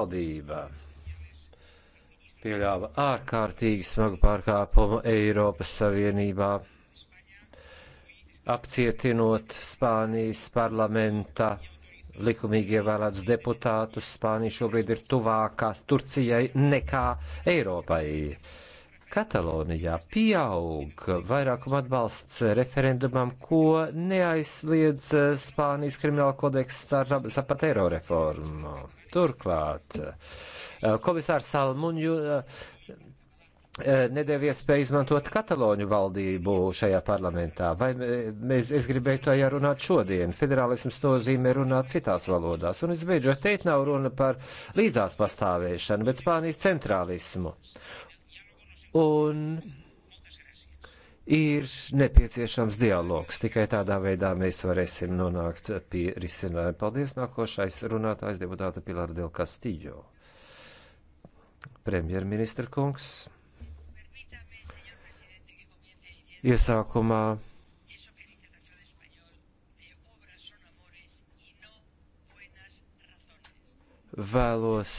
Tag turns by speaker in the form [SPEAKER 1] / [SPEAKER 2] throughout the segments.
[SPEAKER 1] Valdība pieļāva ārkārtīgi smagu pārkāpumu Eiropas Savienībā, apcietinot Spānijas parlamenta likumīgi ievēlētus deputātus. Spānija šobrīd ir tuvākās Turcijai nekā Eiropai. Katalonijā pieaug vairākuma atbalsts referendumam, ko neaizsliedz Spānijas krimināla kodeksts ar Zapatero reformu Turklāt, eh, komisārs Salmuņu eh, eh, nedēļa iespēja izmantot Kataloņu valdību šajā parlamentā. Vai mēs, es gribēju to jārunāt šodien. Federālisms nozīmē runāt citās valodās. Un visbeidzot, teit nav runa par līdzās pastāvēšanu, bet Spānijas centrālismu. Un ir nepieciešams dialogs. Tikai tādā veidā mēs varēsim nonākt pie risinājuma. Paldies nākošais runātājs deputāta Pilāra Del Castillo. Premjerministra kungs. Iesākumā vēlos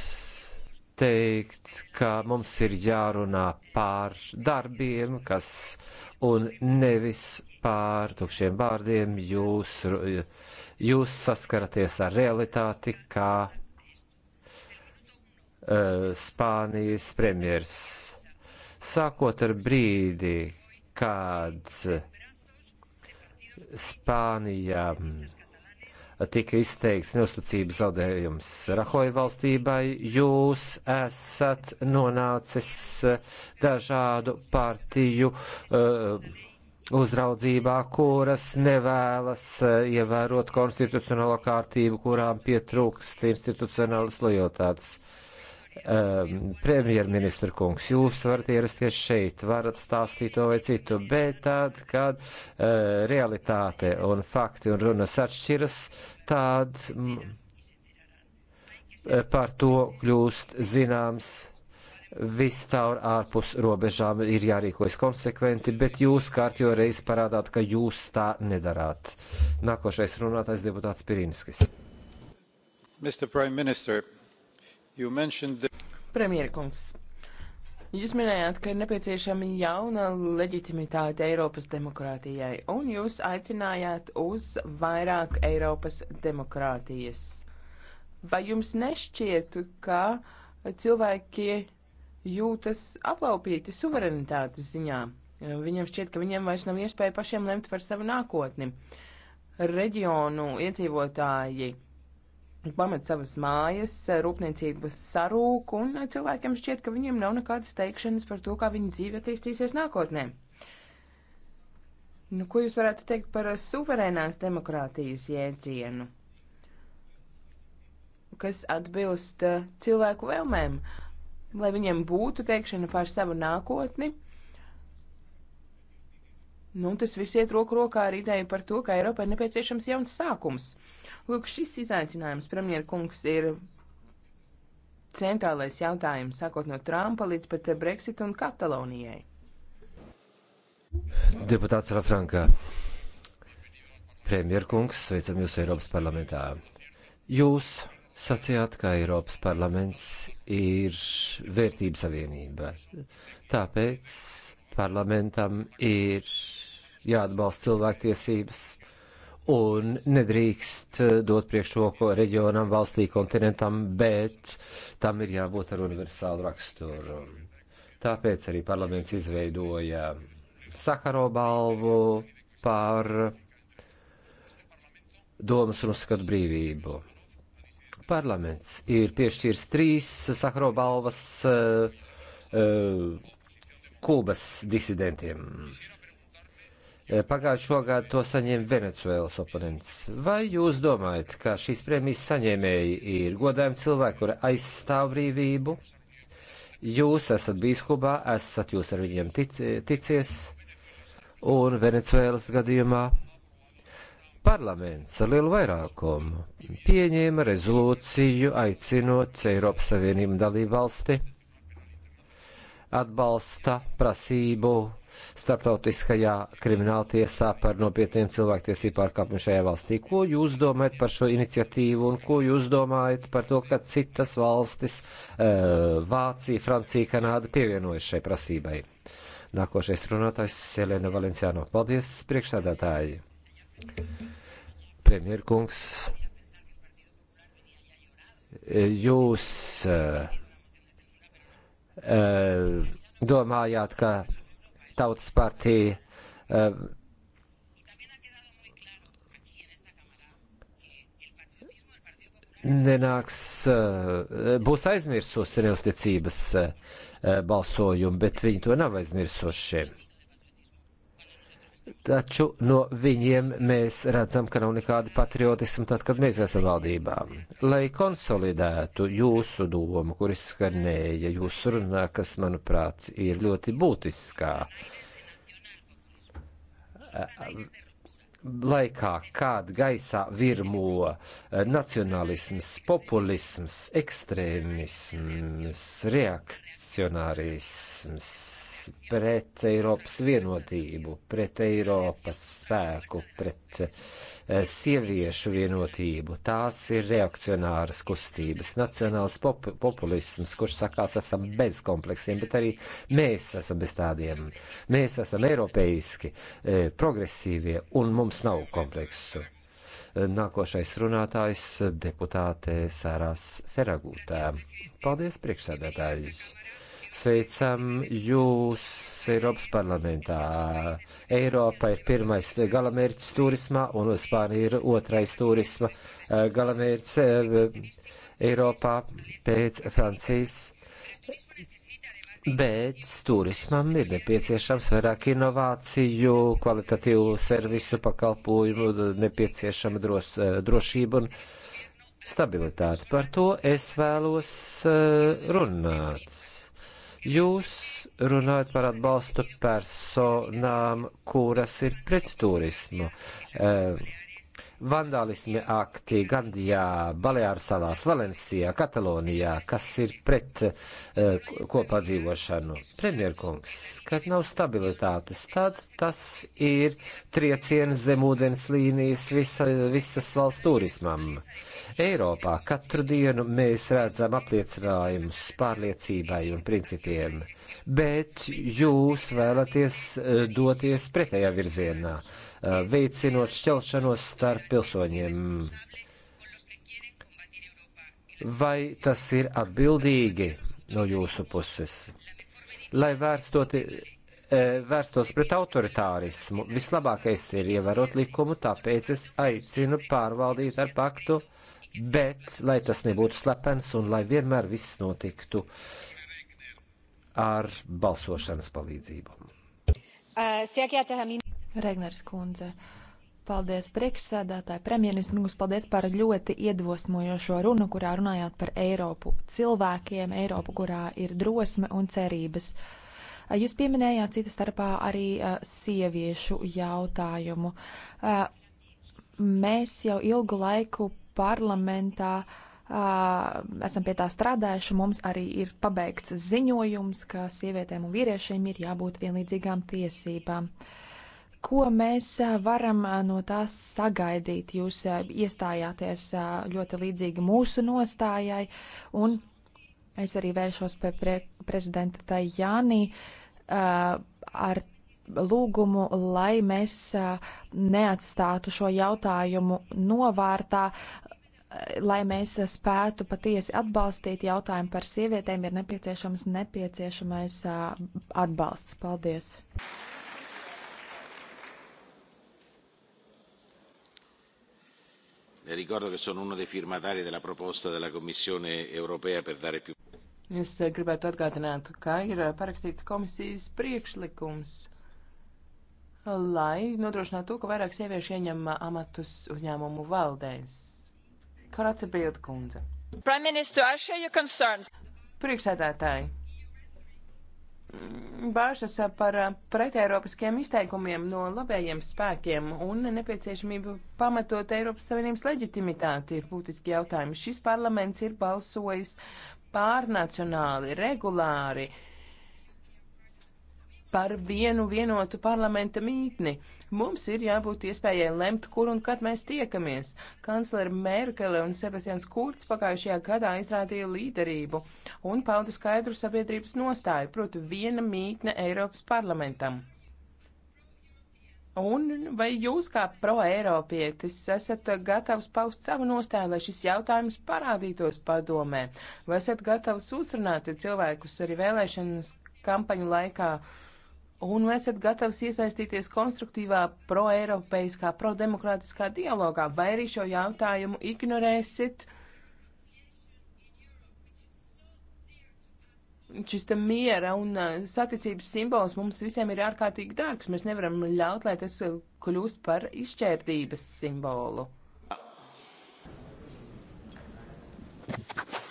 [SPEAKER 1] teikt, ka mums ir jārunā pār darbiem, kas un nevis pār tukšiem vārdiem jūs, jūs saskaraties ar realitāti, kā uh, Spānijas premjers. Sākot ar brīdi, kad Spānijā tika izteikts neusticības zaudējums Rahoja valstībai, jūs esat nonācis eh, dažādu partiju uh, uzraudzībā, kuras nevēlas eh, ievērot konstitucionālo kārtību, kurām pietrūkst institucionālas lojotātes. Uh, um, ehm, premjerministra kungs, jūs varat ierasties šeit, varat stāstīt to vai citu, bet tad, kad uh, realitāte un fakti un runas atšķiras, tāds m, eh, par to kļūst zināms. Viss caur ārpus robežām ir jārīkojas konsekventi, bet jūs kārtjo reizi parādāt, ka jūs tā nedarāt. Nākošais runātais deputāts Pirinskis. Mr. Prime Minister, The...
[SPEAKER 2] Premjerkungs, jūs minējāt, ka ir nepieciešama jauna leģitimitāte Eiropas demokrātijai, un jūs aicinājāt uz vairāk Eiropas demokrātijas. Vai jums nešķiet, ka cilvēki jūtas aplaupīti suverenitātes ziņā? Viņam šķiet, ka viņiem vairs nav iespēja pašiem lemt par savu nākotni. Reģionu iedzīvotāji pamet savas mājas, rūpniecība sarūk, un cilvēkiem šķiet, ka viņiem nav nekādas teikšanas par to, kā viņu dzīve attīstīsies nākotnē. Nu, ko jūs varētu teikt par suverēnās demokrātijas jēdzienu, kas atbilst uh, cilvēku vēlmēm, lai viņiem būtu teikšana par savu nākotni? Nu, tas viss iet roku rokā ar ideju par to, ka Eiropai ir nepieciešams jauns sākums. Lūk, šis izaicinājums, premjerkungs, ir centrālais jautājums, sākot no Trumpa līdz pat Brexit un Katalonijai.
[SPEAKER 1] Deputāts Rafrankā, premjerkungs, sveicam jūs Eiropas parlamentā. Jūs sacījāt, ka Eiropas parlaments ir vērtība savienība. Tāpēc Parlamentam ir jāatbalsta cilvēktiesības un nedrīkst dot priekšroku reģionam, valstī, kontinentam, bet tam ir jābūt ar universālu raksturu. Tāpēc arī parlaments izveidoja Sakaro balvu par domas un uzskatu brīvību. Parlaments ir piešķīris trīs Sakaro balvas uh, uh, Kūbas disidentiem. Pagājušā gada to saņēma Venecuēlas oponents. Vai jūs domājat, ka šīs prēmijas saņēmēji ir godājumi cilvēki, kuri aizstāv brīvību? Jūs esat bijis Kubā, esat jūs ar viņiem tic, ticies, un Venecuēlas gadījumā parlaments ar lielu vairākumu pieņēma rezolūciju aicinot Eiropas Savienību dalību valsti atbalsta prasību starptautiskajā krimināla tiesā par nopietniem cilvēktiesību pārkāpumiem šajā valstī. Ko jūs domājat par šo iniciatīvu un ko jūs domājat par to, ka citas valstis, eh, Vācija, Francija, Kanāda pievienojas šai prasībai? Nākošais runātājs Selena Valenciāno. Paldies, priekšsādātāji! Premjerkungs, eh, jūs uh, Eh, domājāt, ka Tautas partija eh, nenāks, eh, būs aizmirsusi neusticības balsojumu, bet viņi to nav aizmirsuši. Taču no viņiem mēs redzam, ka nav nekāda patriotisma tad, kad mēs esam valdībā. Lai konsolidētu jūsu domu, kur izskanēja jūsu runā, kas, manuprāt, ir ļoti būtiskā laikā, kad gaisā virmo nacionālisms, populisms, ekstrēmisms, reakcionārisms pret Eiropas vienotību, pret Eiropas spēku, pret eh, sieviešu vienotību. Tās ir reakcionāras kustības, nacionāls pop populisms, kurš sakās esam bez kompleksiem, bet arī mēs esam bez tādiem. Mēs esam eiropeiski, eh, progresīvie un mums nav kompleksu. Nākošais runātājs deputāte Sārās Feragūtē. Paldies, priekšsēdētājs! Sveicam jūs Eiropas parlamentā. Eiropa ir pirmais galamērķis turismā un Spānija ir otrais turisma eh, galamērķis eh, Eiropā pēc Francijas. Bet turismam ir nepieciešams vairāk inovāciju, kvalitatīvu servisu pakalpojumu, nepieciešama dros, eh, drošība un stabilitāte. Par to es vēlos runāt Jūs runājat par atbalstu personām, kuras ir pret turismu. Eh, vandālismi akti Gandijā, Baleāru salās, Valencijā, Katalonijā, kas ir pret eh, kopā dzīvošanu. Premjerkungs, kad nav stabilitātes, tad tas ir trieciens zem ūdens līnijas visa, visas valsts turismam. Uh, Eiropā katru dienu mēs redzam apliecinājumus pārliecībai un principiem, bet jūs vēlaties eh, doties pretējā virzienā, eh, veicinot šķelšanos starp pilsoņiem. Vai tas ir atbildīgi no jūsu puses? Lai vērstoti eh, vērstos pret autoritārismu. Vislabākais ir ievērot likumu, tāpēc es aicinu pārvaldīt ar paktu bet lai tas nebūtu slepens un lai vienmēr viss notiktu ar balsošanas palīdzību.
[SPEAKER 3] Regners kundze, paldies priekšsēdētāji, premjerministrs, paldies par ļoti iedvosmojošo runu, kurā runājāt par Eiropu cilvēkiem, Eiropu, kurā ir drosme un cerības. Jūs pieminējāt cita starpā arī sieviešu jautājumu mēs jau ilgu laiku parlamentā uh, esam pie tā strādājuši. Mums arī ir pabeigts ziņojums, ka sievietēm un vīriešiem ir jābūt vienlīdzīgām tiesībām. Ko mēs varam no tās sagaidīt? Jūs iestājāties ļoti līdzīgi mūsu nostājai, un es arī vēršos pie pre prezidenta Tajānī uh, ar lūgumu, lai mēs neatstātu šo jautājumu novārtā, lai mēs spētu patiesi atbalstīt jautājumu par sievietēm, ir nepieciešams nepieciešamais atbalsts. Paldies!
[SPEAKER 4] Le ricordo che sono uno dei firmatari della proposta della Commissione europea per dare più.
[SPEAKER 2] Es gribētu atgādināt, ka ir parakstīts komisijas priekšlikums, lai nodrošinātu to, ka vairāk sieviešu ieņem amatus uzņēmumu valdēs. Karāca Bilda kundze. Priekšsēdētāji, mm, bāžas par uh, pretēropiskiem izteikumiem no labējiem spēkiem un nepieciešamību pamatot Eiropas Savienības leģitimitāti ir būtiski jautājumi. Šis parlaments ir balsojis pārnacionāli, regulāri. Uh, par vienu vienotu parlamenta mītni. Mums ir jābūt iespējai lemt, kur un kad mēs tiekamies. Kanclere Merkele un Sebastians Kurts pagājušajā gadā izrādīja līderību un pauda skaidru sabiedrības nostāju, proti viena mītne Eiropas parlamentam. Un vai jūs kā pro-eiropietis esat gatavs paust savu nostāju, lai šis jautājums parādītos padomē? Vai esat gatavs uzrunāt cilvēkus arī vēlēšanas kampaņu laikā? Uh, un nu esat gatavs iesaistīties konstruktīvā pro-eiropeiskā, pro-demokrātiskā dialogā, vai arī šo jautājumu ignorēsit? Šis te miera un uh, saticības simbols mums visiem ir ārkārtīgi dārgs. Mēs nevaram ļaut, lai tas uh, kļūst par izšķērdības simbolu.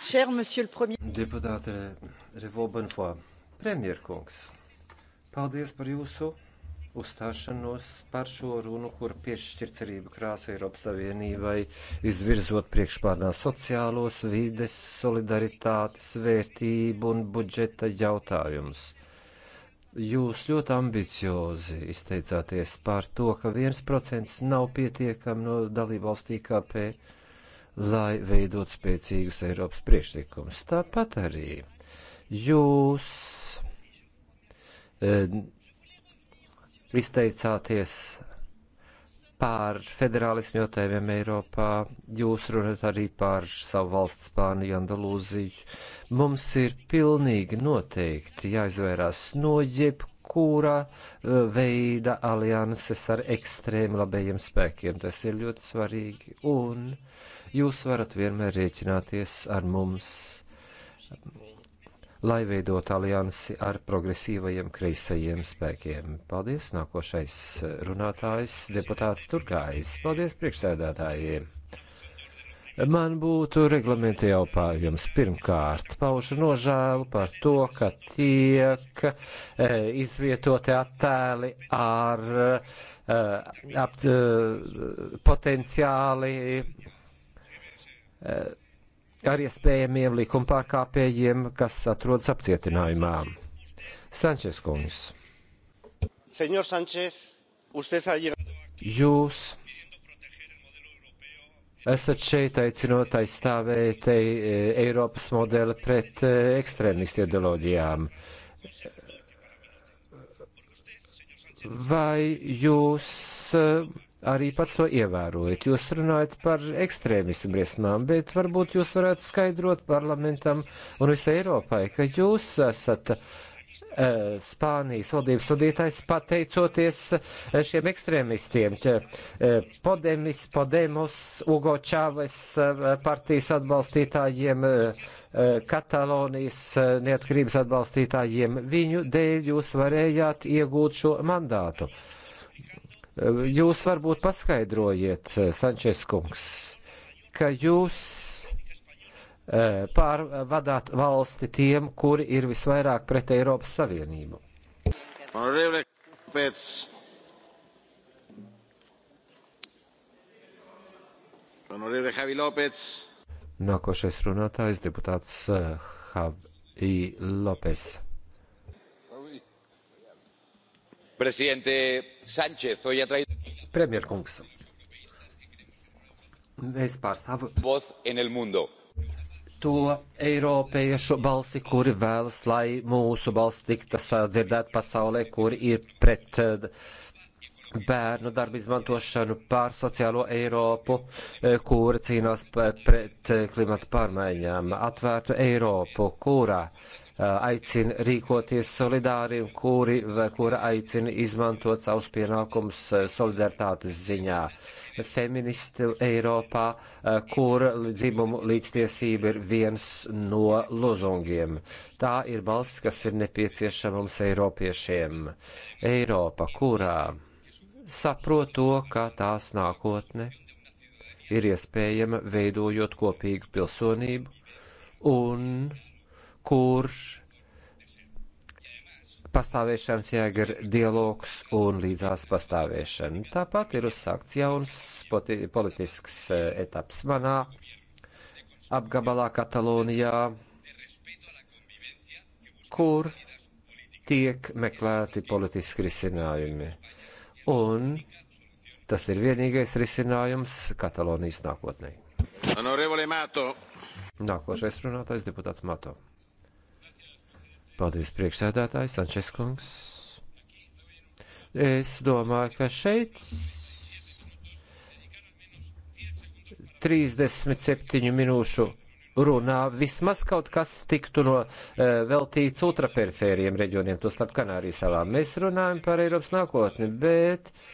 [SPEAKER 1] Cher monsieur le premier. Deputāte Revo Bonfoy, premjerkungs. Paldies par jūsu uzstāšanos par šo runu, kur piešķir cerību krāsu Eiropas Savienībai, izvirzot priekšplānā sociālos, vides, solidaritātes, vērtību un budžeta jautājumus. Jūs ļoti ambiciozi izteicāties par to, ka viens procents nav pietiekami no dalībvalstī KP, lai veidot spēcīgus Eiropas priekšlikumus. Tāpat arī jūs Eh, izteicāties pār federālismu jautājumiem Eiropā. Jūs runājat arī pār savu valsts Spāniju, Andalūziju. Mums ir pilnīgi noteikti jāizvairās no jebkura eh, veida alianses ar ekstrēmu labējiem spēkiem. Tas ir ļoti svarīgi. Un jūs varat vienmēr rēķināties ar mums lai veidot aliansi ar progresīvajiem kreisajiem spēkiem. Paldies, nākošais runātājs, deputāts Turkājs. Paldies, priekšsēdētājiem. Man būtu reglamenti jautājums. Pirmkārt, paužu nožēlu par to, ka tiek e, izvietoti attēli ar e, ap, e, potenciāli. E, ar iespējamiem likuma pārkāpējiem, kas atrodas apcietinājumā. Sančes kungs.
[SPEAKER 5] Senor Sančes, usted ha llegado.
[SPEAKER 1] Jūs esat šeit aicinot aizstāvēt eh, Eiropas modeli pret eh, ekstrēmistu ideoloģijām. Vai jūs uh, arī pats to ievērojat. Jūs runājat par ekstrēmismu briesmām, bet varbūt jūs varētu skaidrot parlamentam un visai Eiropai, ka jūs esat uh, Spānijas valdības vadītājs pateicoties eh, šiem ekstrēmistiem. Eh, Podemis, Podemos, Ugo Čāves partijas atbalstītājiem, Katalonijas neatkarības atbalstītājiem. Viņu dēļ jūs varējāt iegūt šo mandātu. Uh, Jūs varbūt paskaidrojiet, Sančes kungs, ka jūs eh, pārvadāt valsti tiem, kuri ir visvairāk pret Eiropas Savienību. Pēc. Nākošais runātājs deputāts eh, Javi Lopes. Premjerkungs, mēs
[SPEAKER 5] pārstāvam
[SPEAKER 1] to eiropiešu balsi, kuri vēlas, lai mūsu balss tiktu dzirdēta pasaulē, kuri ir pret eh, bērnu darbu izmantošanu pār sociālo Eiropu, eh, kura cīnās pret eh, klimata pārmaiņām, atvērtu Eiropu, kurā aicina rīkoties solidāri un kuri, kura aicina izmantot savus pienākumus solidaritātes ziņā. Feministu Eiropā, kur dzimumu līdztiesība ir viens no lozungiem. Tā ir balss, kas ir nepieciešama mums Eiropiešiem. Eiropa, kurā saprot to, ka tās nākotne ir iespējama veidojot kopīgu pilsonību un kur pastāvēšanas jēga ir dialogs un līdzās pastāvēšana. Tāpat ir uzsākts jauns politisks e, etaps manā apgabalā Katalonijā, kur tiek meklēti politiski risinājumi. Un tas ir vienīgais risinājums Katalonijas nākotnē. Nākošais runātais deputāts Mato. Paldies, priekšsēdētāji, Sančes kungs. Es domāju, ka šeit 37 minūšu runā vismaz kaut kas tiktu no uh, veltīts ultraperifēriem reģioniem, tostarp Kanārijas salām. Mēs runājam par Eiropas nākotni, bet uh,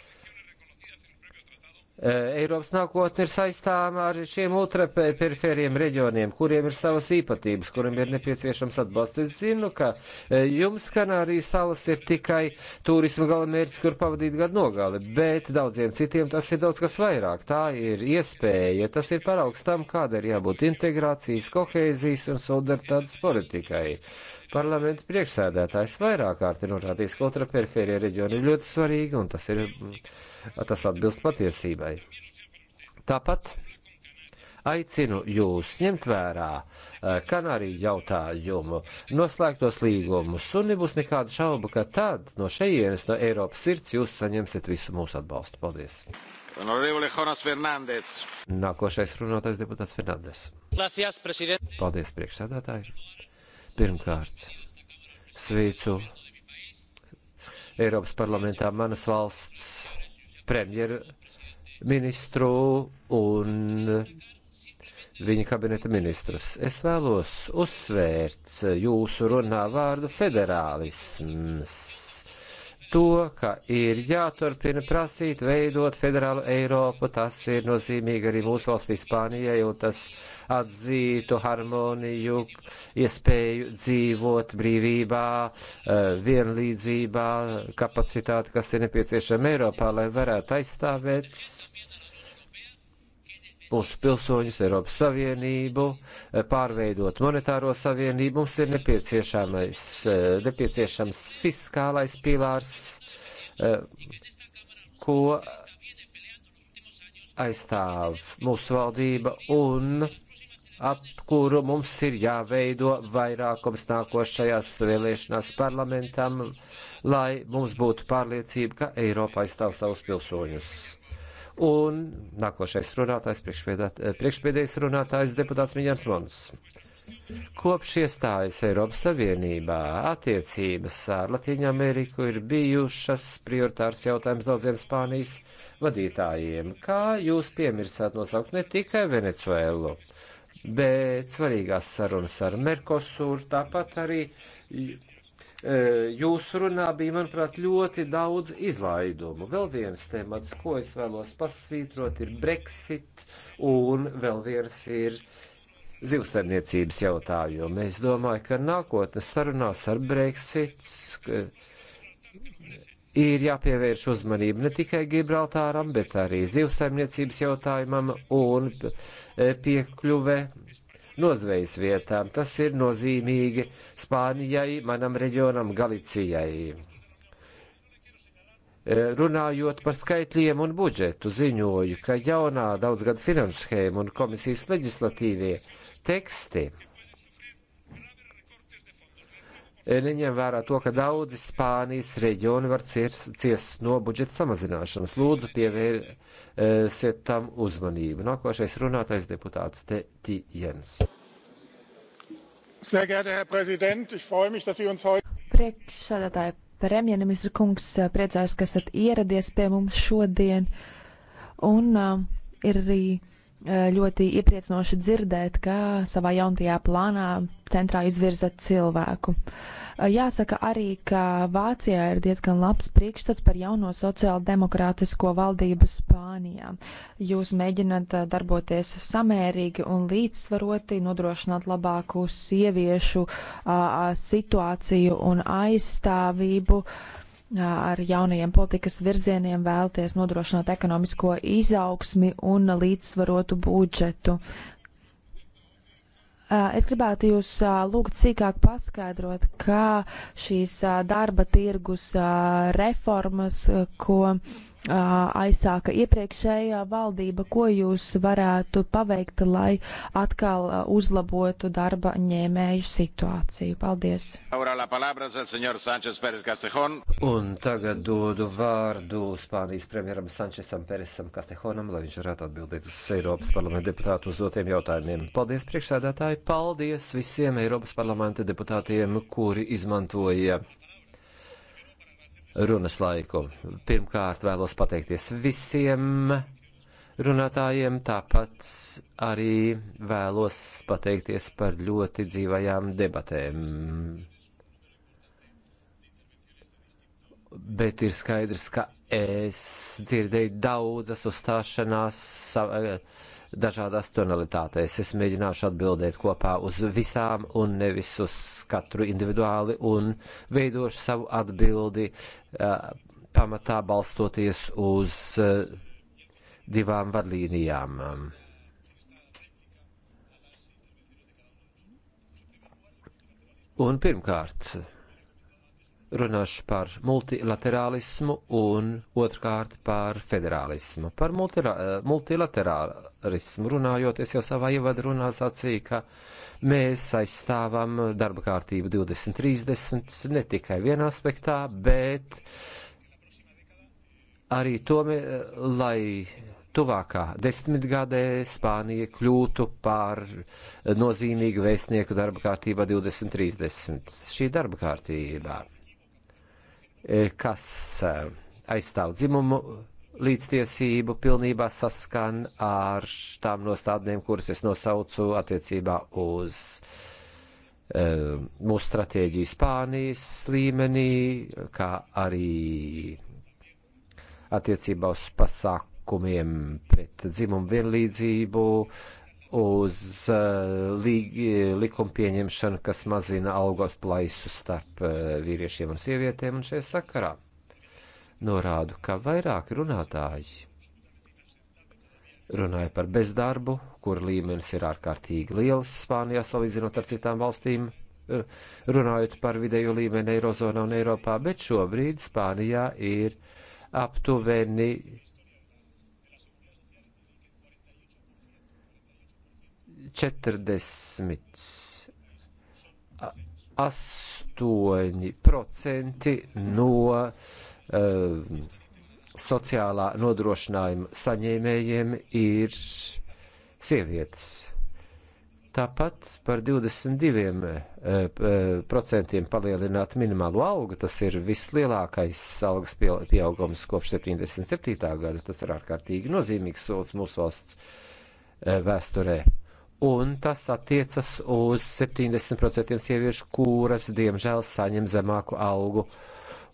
[SPEAKER 1] Eh, Eiropas nākotne ir saistāma ar šiem ultraperiferiem reģioniem, kuriem ir savas īpatības, kuriem ir nepieciešams atbalsts. Es zinu, ka eh, jums Kanārijas salas ir tikai turisma galamērķis, kur pavadīt gadu nogali, bet daudziem citiem tas ir daudz kas vairāk. Tā ir iespēja, tas ir paraugs tam, kāda ir jābūt integrācijas, kohēzijas un solidaritātes politikai. Parlamenta priekšsēdētājs vairāk kārt ir norādījis, ka ultraperifērija reģiona ir ļoti svarīga un tas, ir, tas atbilst patiesībai. Tāpat aicinu jūs ņemt vērā eh, Kanāriju jautājumu, noslēgtos līgumus, un nebūs nekādu šaubu, ka tad no šejienes, no Eiropas sirds, jūs saņemsiet visu mūsu atbalstu. Paldies! Nākošais runātais deputāts Fernandes. Paldies, priekšsēdētāji! Pirmkārt, svīcu Eiropas parlamentā manas valsts premjerministru un viņa kabineta ministrus. Es vēlos uzsvērt jūsu runā vārdu federālisms to, ka ir jāturpina prasīt veidot federālu Eiropu. Tas ir nozīmīgi arī mūsu valstī Spānijai, un tas atzītu harmoniju, iespēju dzīvot brīvībā, eh, vienlīdzībā, kapacitāti, kas ir nepieciešama Eiropā, lai varētu aizstāvēt mūsu pilsoņus, Eiropas Savienību, eh, pārveidot monetāro savienību. Mums ir nepieciešamais, eh, nepieciešams fiskālais pilārs, eh, ko aizstāv mūsu valdība un ap kuru mums ir jāveido vairākums nākošajās vēlēšanās parlamentam, lai mums būtu pārliecība, ka Eiropa aizstāv savus pilsoņus. Un nākošais runātājs, eh, priekšpēdējais runātājs, deputāts Miņāns Mons. Kopš iestājas Eiropas Savienībā attiecības ar Latīņu Ameriku ir bijušas prioritārs jautājums daudziem Spānijas vadītājiem. Kā jūs piemirsāt nosaukt ne tikai Venecuēlu, bet svarīgās sarunas ar Merkosūru, tāpat arī E, jūsu runā bija, manuprāt, ļoti daudz izlaidumu. Vēl viens temats, ko es vēlos pasvītrot, ir Brexit, un vēl viens ir zivsaimniecības jautājumi. Es domāju, ka nākotnes sarunās ar Brexit ir jāpievērš uzmanība ne tikai Gibraltāram, bet arī zivsaimniecības jautājumam un e, piekļuve nozvejas vietām. Tas ir nozīmīgi Spānijai, manam reģionam Galicijai. E, runājot par skaitļiem un budžetu, ziņoju, ka jaunā daudzgada finanšu schēma un komisijas leģislatīvie teksti neņem vērā to, ka daudzi Spānijas reģioni var ciest cies no budžeta samazināšanas. Lūdzu, pievērsiet tam uzmanību. Nākošais runātais deputāts Teti Jens.
[SPEAKER 3] Priekšsēdētāja premjerministra kungs priecājos, ka esat ieradies pie mums šodien. Un uh, ir arī uh, Eh, ļoti iepriecinoši dzirdēt, ka savā jaunajā plānā centrā izvirzat cilvēku. Eh, jāsaka arī, ka Vācijā ir diezgan labs priekšstats par jauno sociāldemokrātisko valdību Spānijā. Jūs mēģināt eh, darboties samērīgi un līdzsvaroti, nodrošināt labāku sieviešu a, situāciju un aizstāvību. A, ar jaunajiem politikas virzieniem vēlties nodrošināt ekonomisko izaugsmi un līdzsvarotu budžetu. Es gribētu jūs lūgt sīkāk paskaidrot, kā šīs darba tirgus reformas, ko aizsāka iepriekšējā valdība, ko jūs varētu paveikt, lai atkal uzlabotu darba ņēmēju situāciju. Paldies!
[SPEAKER 1] Un tagad dodu vārdu Spānijas premjeram Sančesam Peresam Kastehonam, lai viņš varētu atbildēt uz Eiropas parlamenta deputātu uzdotiem jautājumiem. Paldies, priekšsēdētāji! Paldies visiem Eiropas parlamenta deputātiem, kuri izmantoja runas laiku. Pirmkārt, vēlos pateikties visiem runātājiem, tāpat arī vēlos pateikties par ļoti dzīvajām debatēm. Bet ir skaidrs, ka es dzirdēju daudzas uzstāšanās savā dažādās tonalitātēs. Es mēģināšu atbildēt kopā uz visām un nevis uz katru individuāli un veidošu savu atbildi uh, pamatā balstoties uz uh, divām vadlīnijām. Un pirmkārt, runāšu par multilaterālismu un otrkārt par federālismu. Par multira, multilaterālismu runājot, es jau savā ievadu runā sacīju, ka mēs aizstāvam darba kārtību 2030 ne tikai vienā aspektā, bet arī to, lai tuvākā desmitgadē Spānija kļūtu par nozīmīgu vēstnieku darba kārtībā 2030. Šī darba kārtībā E, kas e, aizstāv dzimumu līdztiesību, pilnībā saskan ar tām nostādnēm, kuras es nosaucu attiecībā uz um, mūsu stratēģiju Spānijas līmenī, kā arī attiecībā uz pasākumiem pret dzimumu vienlīdzību, uh, uz uh, eh, eh, likuma pieņemšanu, kas mazina algot plaisu starp uh, vīriešiem un sievietēm, un šajā sakarā norādu, ka vairāk runātāji runāja par bezdarbu, kur līmenis ir ārkārtīgi liels Spānijā salīdzinot ar citām valstīm, runājot par vidējo līmeni Eirozonā un Eiropā, bet šobrīd Spānijā ir aptuveni 48% no uh, sociālā nodrošinājuma saņēmējiem ir sievietes. Tāpat par 22% eh, palielināt minimālo algu. Tas ir vislielākais algas pieaugums kopš 77. gada. Tas ir ārkārtīgi nozīmīgs solis mūsu valsts eh, vēsturē un tas attiecas uz 70% sieviešu, kuras, diemžēl, saņem zemāku algu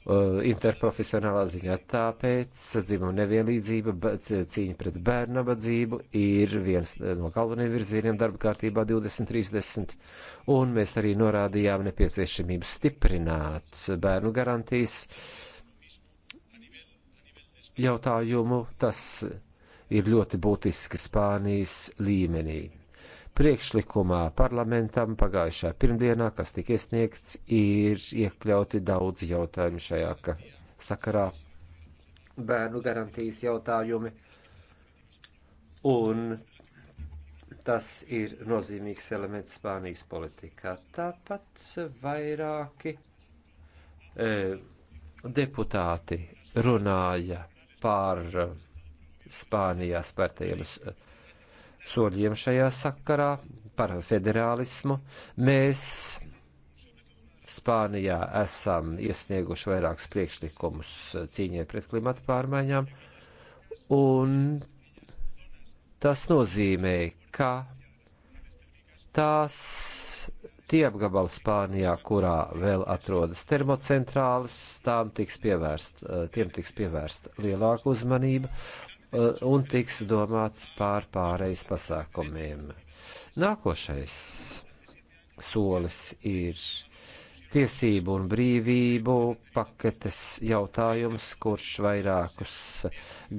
[SPEAKER 1] uh, interprofesionālā ziņā. Tāpēc dzimuma nevienlīdzība, cīņa pret bērnu nabadzību ir viens no galvenajiem virzieniem darba kārtībā 2030, un mēs arī norādījām nepieciešamību stiprināt bērnu garantijas jautājumu. Tas ir ļoti būtiski Spānijas līmenī priekšlikumā parlamentam pagājušā pirmdienā, kas tika iesniegts, ir iekļauti daudzi jautājumi šajā sakarā - bērnu garantijas jautājumi. Un tas ir nozīmīgs elements Spānijas politikā. Tāpat vairāki e, deputāti runāja par e, Spānijā spērtajiem. E, soļiem šajā sakarā par federālismu. Mēs Spānijā esam iesnieguši vairākus priekšlikumus cīņai pret klimatu pārmaiņām, un tas nozīmē, ka tās tie apgabali Spānijā, kurā vēl atrodas termocentrāles, tām tiks pievērst, tiem tiks pievērst lielāka uzmanība, Eh, un tiks domāts pār pārejas pasākumiem. Nākošais solis ir tiesību un brīvību paketes jautājums, kurš vairākus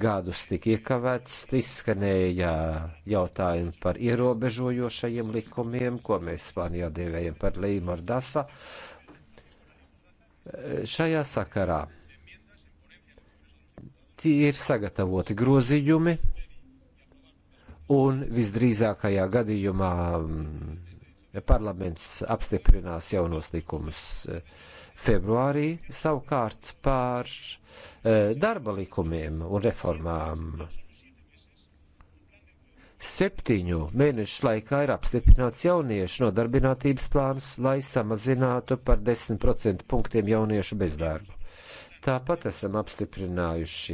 [SPEAKER 1] gadus tika iekavēts. Izskanēja jautājumi par ierobežojošajiem likumiem, ko mēs Spānijā dēvējam par Līmardasa. Eh, šajā sakarā ir sagatavoti grozījumi, un visdrīzākajā gadījumā mm, parlaments apstiprinās jaunos likumus e, februārī, savukārt pār e, darba likumiem un reformām. Septiņu mēnešu laikā ir apstiprināts jauniešu nodarbinātības plāns, lai samazinātu par 10% punktiem jauniešu bezdarbu. Tāpat esam apstiprinājuši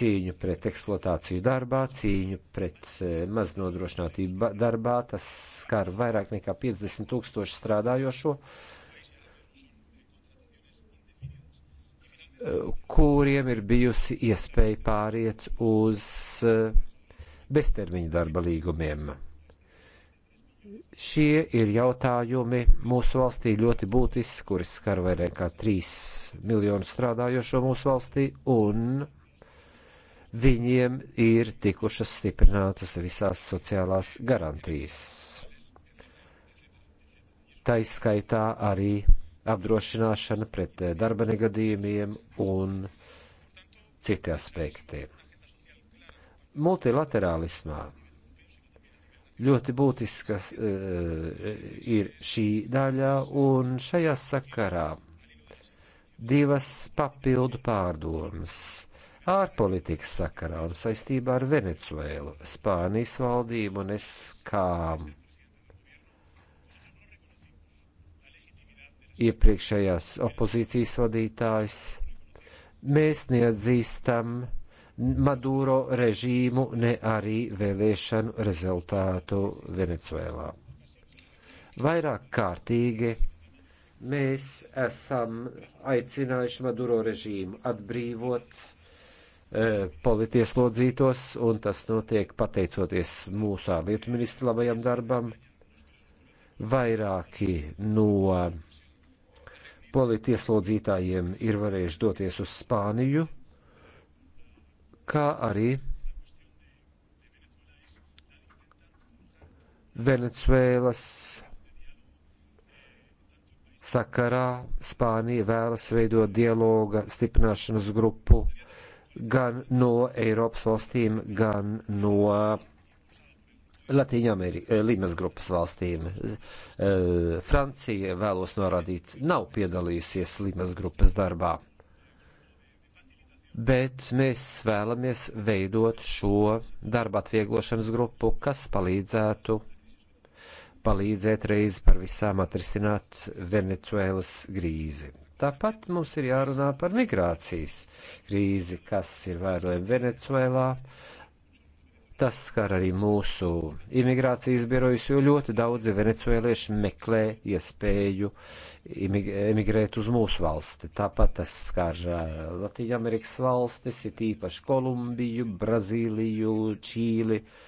[SPEAKER 1] cīņu pret eksploatāciju darbā, cīņu pret eh, maznodrošinātību darbā. Tas skar vairāk nekā 50 tūkstoši strādājošo, eh, kuriem ir bijusi iespēja pāriet uz eh, beztermiņa darba līgumiem. Šie ir jautājumi mūsu valstī ļoti būtiski, kuris skar vairāk kā 3 miljonu strādājošo mūsu valstī, un viņiem ir tikušas stiprinātas visās sociālās garantijas. Tā izskaitā arī apdrošināšana pret eh, darba negadījumiem un citi aspekti. Multilaterālismā Ļoti būtiska eh, ir šī daļa, un šajā sakarā divas papildu pārdomas ārpolitikas sakarā un saistībā ar Venecuēlu, Spānijas valdību un es kā iepriekšējās opozīcijas vadītājs. Mēs neatzīstam Maduro režīmu, ne arī vēlēšanu rezultātu Venecuēlā. Vairāk kārtīgi mēs esam aicinājuši Maduro režīmu atbrīvot e, politieslodzītos, un tas notiek pateicoties mūsu ārlietu ministra labajam darbam. Vairāki no politieslodzītājiem ir varējuši doties uz Spāniju, kā arī Venecuēlas sakarā Spānija vēlas veidot dialoga stiprināšanas grupu gan no Eiropas valstīm, gan no Latīņa Amerika, eh, Limas grupas valstīm. Eh, Francija vēlos norādīt, nav piedalījusies Limas grupas darbā bet mēs vēlamies veidot šo darba atvieglošanas grupu, kas palīdzētu palīdzēt reizi par visām atrisināt Venecuēlas krīzi. Tāpat mums ir jārunā par migrācijas krīzi, kas ir vērojama Venecuēlā. Uh, Tas skar arī mūsu imigrācijas birojus, jo ļoti daudzi venecuēlieši meklē iespēju imig emigrēt uz mūsu valsti. Tāpat tas skar Latviju Amerikas valstis, it īpaši Kolumbiju, Brazīliju, Čīli. Uh,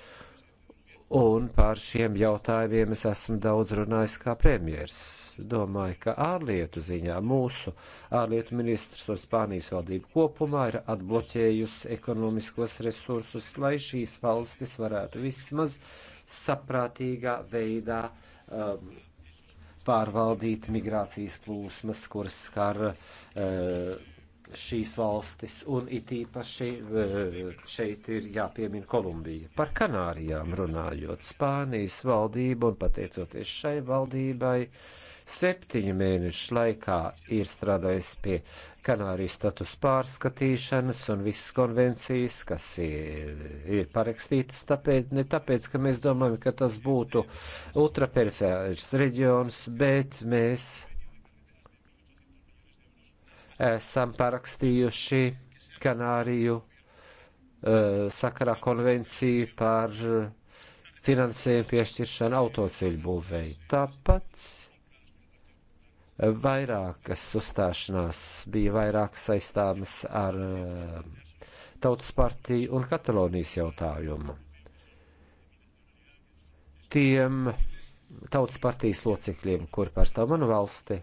[SPEAKER 1] Un par šiem jautājumiem es esmu daudz runājis kā premjers. Domāju, ka ārlietu ziņā mūsu ārlietu ministrs un Spānijas valdība kopumā ir atbloķējusi ekonomiskos resursus, lai šīs valstis varētu vismaz saprātīgā veidā um, pārvaldīt migrācijas plūsmas, kuras skar uh, šīs valstis, un it īpaši e, šeit ir jāpiemina Kolumbija. Par Kanārijām runājot, Spānijas valdība un pateicoties šai valdībai, septiņu mēnešu laikā ir strādājis pie Kanārijas status pārskatīšanas un visas konvencijas, kas ir, ir parakstītas, tāpēc, ne tāpēc, ka mēs domājam, ka tas būtu ultraperifērs reģions, bet mēs esam parakstījuši Kanāriju e, sakarā konvenciju par e, finansējumu piešķiršanu autoceļu būvēi. Tāpat vairākas uzstāšanās bija vairāk saistāmas ar e, Tautas partiju un Katalonijas jautājumu. Tiem Tautas partijas locekļiem, kur pārstāv manu valsti,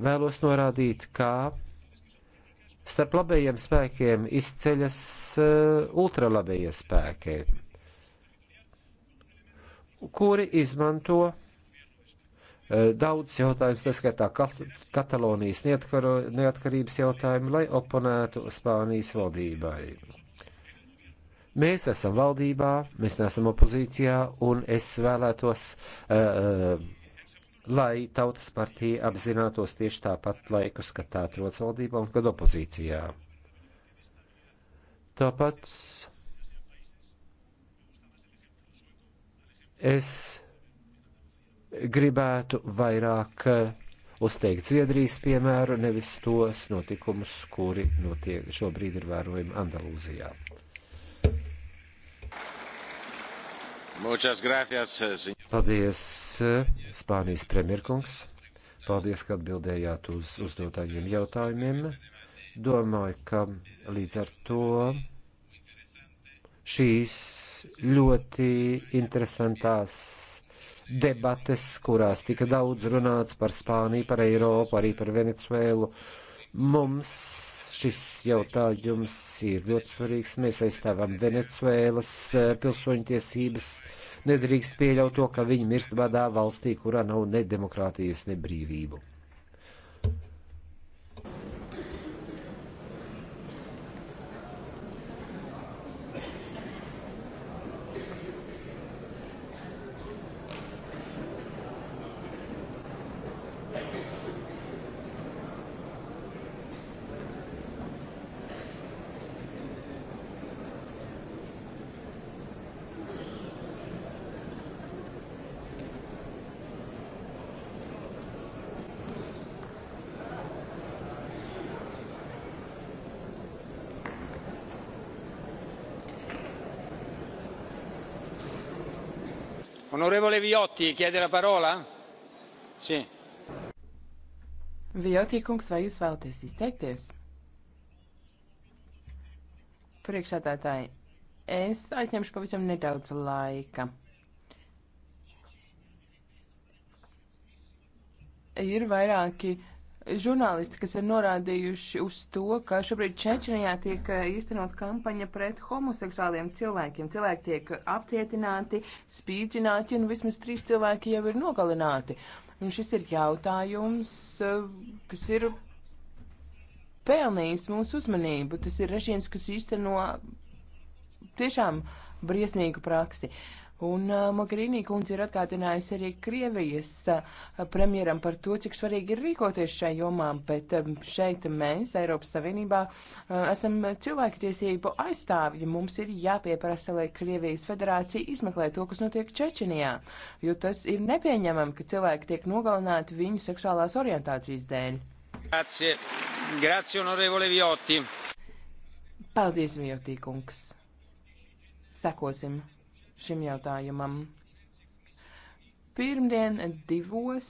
[SPEAKER 1] vēlos norādīt, kā starp labajiem spēkiem izceļas uh, ultralabajie spēki, kuri izmanto uh, daudz jautājumus, tā skaitā kat Katalonijas neatkar neatkarības jautājumu, lai oponētu Spānijas valdībai. Mēs esam valdībā, mēs neesam opozīcijā, un es vēlētos uh, uh lai tautas partija apzinātos tieši tāpat laikus, kad tā atrodas valdībā un kad opozīcijā. Tāpat es gribētu vairāk eh, uzteikt Zviedrijas piemēru, nevis tos notikumus, kuri notiek šobrīd ir vērojami Andalūzijā.
[SPEAKER 5] Muchas gracias, eh, señor.
[SPEAKER 1] Paldies, Spānijas premjerkungs. Paldies, ka atbildējāt uz uzdotajiem jautājumiem. Domāju, ka līdz ar to šīs ļoti interesantās debates, kurās tika daudz runāts par Spāniju, par Eiropu, arī par Venecuēlu, mums šis jautājums ir ļoti svarīgs. Mēs aizstāvam Venecuēlas eh, pilsoņu tiesības. Nedrīkst pieļaut to, ka viņi mirst badā valstī, kurā nav ne demokrātijas, ne brīvību.
[SPEAKER 4] Viotti chiede la parola? Sì.
[SPEAKER 2] Viotti kungs, vai jūs vēlaties izteikties? Priekšādātāji, es aizņemšu pavisam nedaudz laika. Ir vairāki uh, žurnālisti, kas ir norādījuši uz to, ka šobrīd Čečenijā tiek eh, īstenot kampaņa pret homoseksuāliem cilvēkiem. Cilvēki tiek apcietināti, spīdzināti un vismaz trīs cilvēki jau ir nogalināti. Un šis ir jautājums, eh, kas ir pelnījis mūsu uzmanību. Tas ir režīms, kas īsteno tiešām briesmīgu praksi. Uh, Un uh, Mogherini kundze ir atgādinājusi arī Krievijas uh, premjeram par to, cik svarīgi ir rīkoties šai jomā, bet um, šeit mēs, Eiropas Savienībā, uh, esam cilvēktiesību aizstāvji. Mums ir jāpieprasa, lai Krievijas federācija izmeklē to, kas notiek Čečenijā, jo tas ir nepieņemami, ka cilvēki tiek nogalināti viņu seksuālās orientācijas dēļ.
[SPEAKER 4] Grazie, grazie onorevole Viotti.
[SPEAKER 2] Paldies, Viotti kungs. Sekosim šim jautājumam. Pirmdien divos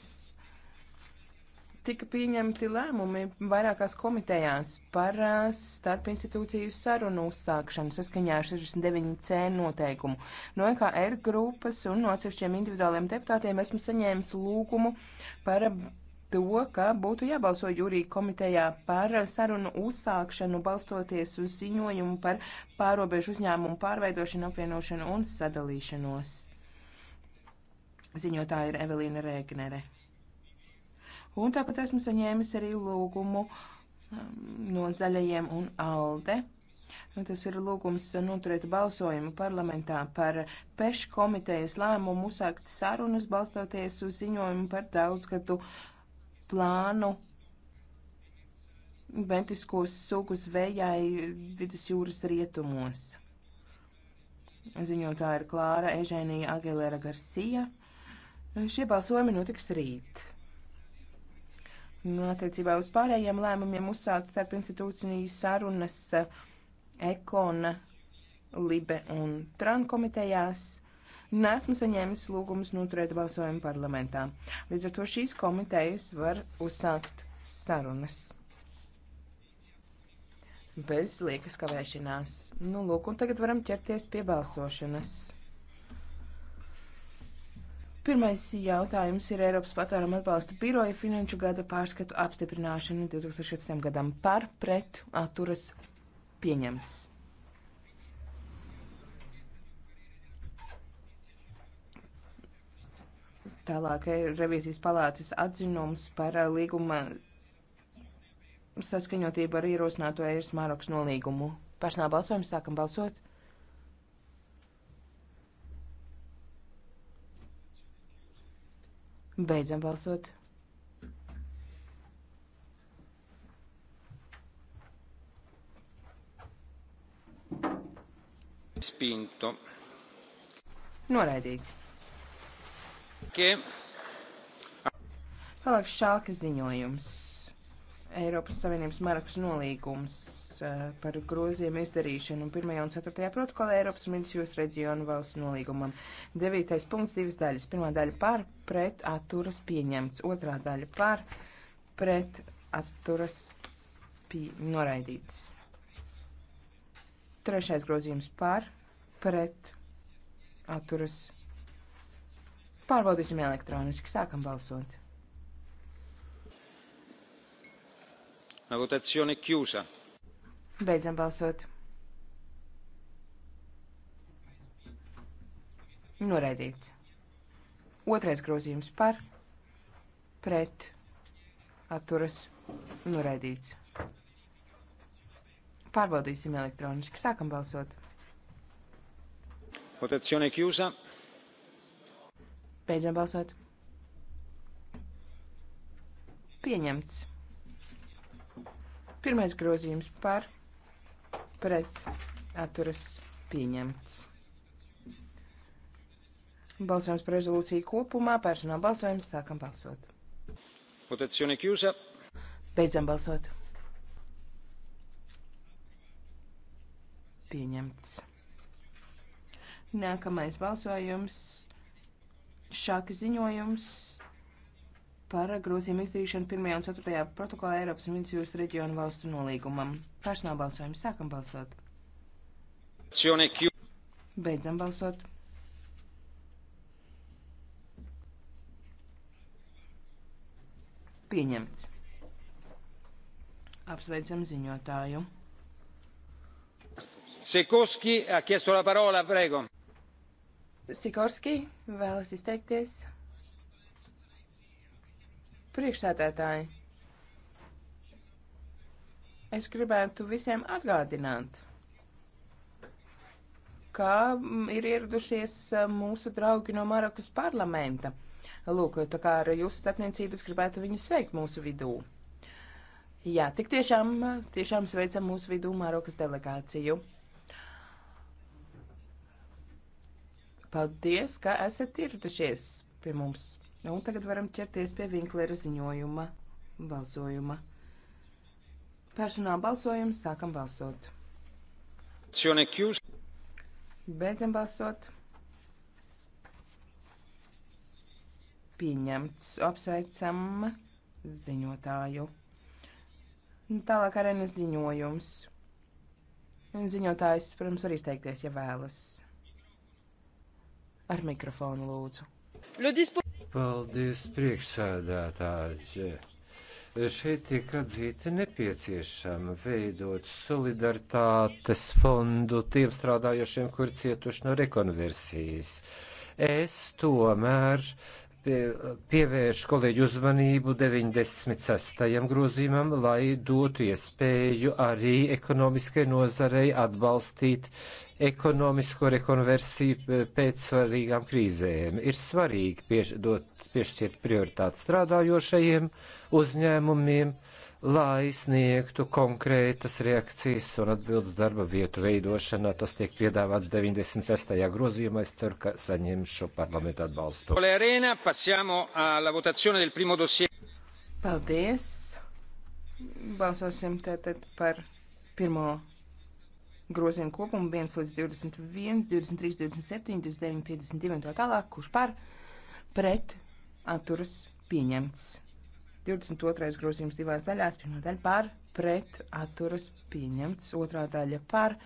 [SPEAKER 2] tika pieņemti lēmumi vairākās komitejās par starpinstitūciju sarunu uzsākšanu saskaņā ar 69C noteikumu. No EKR grupas un no atsevišķiem individuāliem deputātiem esmu saņēmis lūgumu par to, ka būtu jābalso jūrī komitejā par sarunu uzsākšanu, balstoties uz ziņojumu par pārobežu uzņēmumu pārveidošanu, apvienošanu un sadalīšanos. Ziņotāja ir Evelīna Rēgnere. Un tāpat esmu saņēmis arī lūgumu um, no zaļajiem un ALDE. Nu, tas ir lūgums noturēt balsojumu parlamentā par pešu komitejas lēmumu uzsākt sarunas balstoties uz ziņojumu par daudzgadu plānu bentiskos sugus vējai vidusjūras rietumos. Ziņotāja ir Klāra Ežēnija Agelera Garcia. Šie balsojumi notiks rīt. Nu, attiecībā uz pārējiem lēmumiem uzsākt starp institūciju sarunas ekona, libe un tran komitejās nesmu saņēmis lūgumus noturēt balsojumu parlamentā. Līdz ar to šīs komitejas var uzsākt sarunas. Bez liekas kavēšanās. Nu, lūk, un tagad varam ķerties pie balsošanas. Pirmais jautājums ir Eiropas patērama atbalsta biroja finanšu gada pārskatu apstiprināšana 2017. gadam par pret atturas pieņemts. Tālāk eh, revīzijas palātas atzinums par eh, līguma saskaņotību ar ierosināto Eiras Māroks nolīgumu. Pašnā balsojuma sākam balsot. Beidzam balsot.
[SPEAKER 4] Spinto. Noraidīts. Šāke.
[SPEAKER 2] Tālāk šāka ziņojums. Eiropas Savienības Marakas nolīgums eh, par grozījumu izdarīšanu 1. un 4. protokola Eiropas Ministrijas reģionu valstu nolīgumam. 9. punkts, divas daļas. Pirmā daļa par, pret, atturas pieņemts. Otrā daļa par, pret, atturas pie, noraidīts. Trešais grozījums par, pret, atturas pieņemts Pārbaudīsim elektroniski. Sākam balsot.
[SPEAKER 4] La votazione chiusa.
[SPEAKER 2] Beidzam balsot. Noraidīts. Otrais grozījums par, pret, atturas, noraidīts. Pārbaudīsim elektroniski. Sākam balsot.
[SPEAKER 4] Votazione chiusa.
[SPEAKER 2] Beidzam balsot. Pieņemts. Pirmais grozījums par pret atturas pieņemts. Balsojums par rezolūciju kopumā, personāla balsojums, sākam balsot.
[SPEAKER 4] Votazione chiusa.
[SPEAKER 2] Beidzam balsot. Pieņemts. Nākamais balsojums Šāka ziņojums par grozījumu izdarīšanu 1. un 4. protokolā Eiropas un Vidusjūras reģionu valstu nolīgumam. Personāla balsojums. Sākam balsot. Beidzam balsot. Pieņemts. Apsveicam ziņotāju.
[SPEAKER 4] Sekoski ha chiesto la parola, prego.
[SPEAKER 2] Sikorski vēlas izteikties. Priekšsēdētāji, es gribētu visiem atgādināt, ka ir ieradušies e, mūsu draugi no Marokas parlamenta. Lūk, tā kā ar jūsu starpniecības gribētu viņu sveikt mūsu vidū. Jā, tik tiešām, tiešām sveicam mūsu vidū Marokas delegāciju. Paldies, ka esat ieradušies pie mums. Un tagad varam ķerties pie Vinklera ziņojuma balsojuma. Personāla balsojums sākam balsot. Beidzam balsot. Pieņemts. Apsveicam ziņotāju. Tālāk arēnas ziņojums. Ziņotājs, protams, var izteikties, ja vēlas ar mikrofonu lūdzu.
[SPEAKER 1] Paldies, priekšsēdētāji! Šeit tiek atzīta nepieciešama veidot solidaritātes fondu tiem strādājošiem, kur cietuši no rekonversijas. Es tomēr pie, pievēršu kolēģu uzmanību 96. grozījumam, lai dotu iespēju arī ekonomiskai nozarei atbalstīt ekonomisko rekonversiju e, pēc svarīgām krīzēm. Ir svarīgi pieš, dot, piešķirt prioritāti strādājošajiem uzņēmumiem, lai sniegtu konkrētas reakcijas un atbildes darba vietu veidošanā. Tas tiek piedāvāts 96. grozījumā. Es ceru, ka saņemšu parlamentu atbalstu.
[SPEAKER 2] Paldies! Balsosim tātad par pirmo grozījumu kopumu 1 līdz 21, 23, 27, 29, 52 un tā tālāk, kurš par pret atturas pieņemts. 22. grozījums divās daļās, pirmā daļa par pret atturas pieņemts, otrā daļa par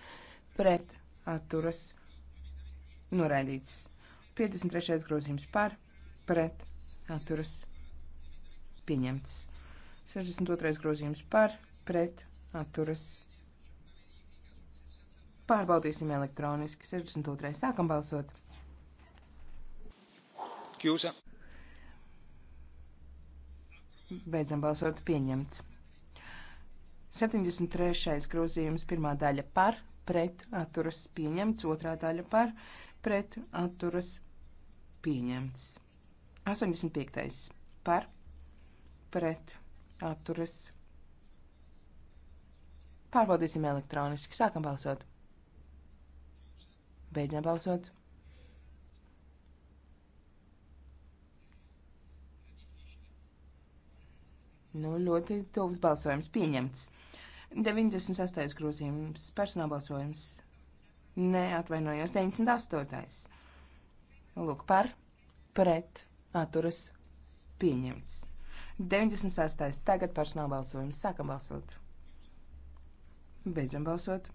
[SPEAKER 2] pret atturas noraidīts. 53. grozījums par pret atturas pieņemts. 62. grozījums par pret atturas pieņemts. Pārbaudīsim elektroniski. 62. Sākam balsot. Kjūsa. Beidzam balsot pieņemts. 73. grozījums pirmā daļa par, pret, atturas pieņemts, otrā daļa par, pret, atturas pieņemts. 85. par, pret, atturas. Pārbaudīsim elektroniski. Sākam balsot. Beidzam balsot. Nu, ļoti tuvs balsojums pieņemts. 96. grozījums, personāla balsojums. Nē, atvainojos, 98. Lūk, par, pret, atturas, pieņemts. 96. tagad personāla balsojums. Sākam balsot. Beidzam balsot.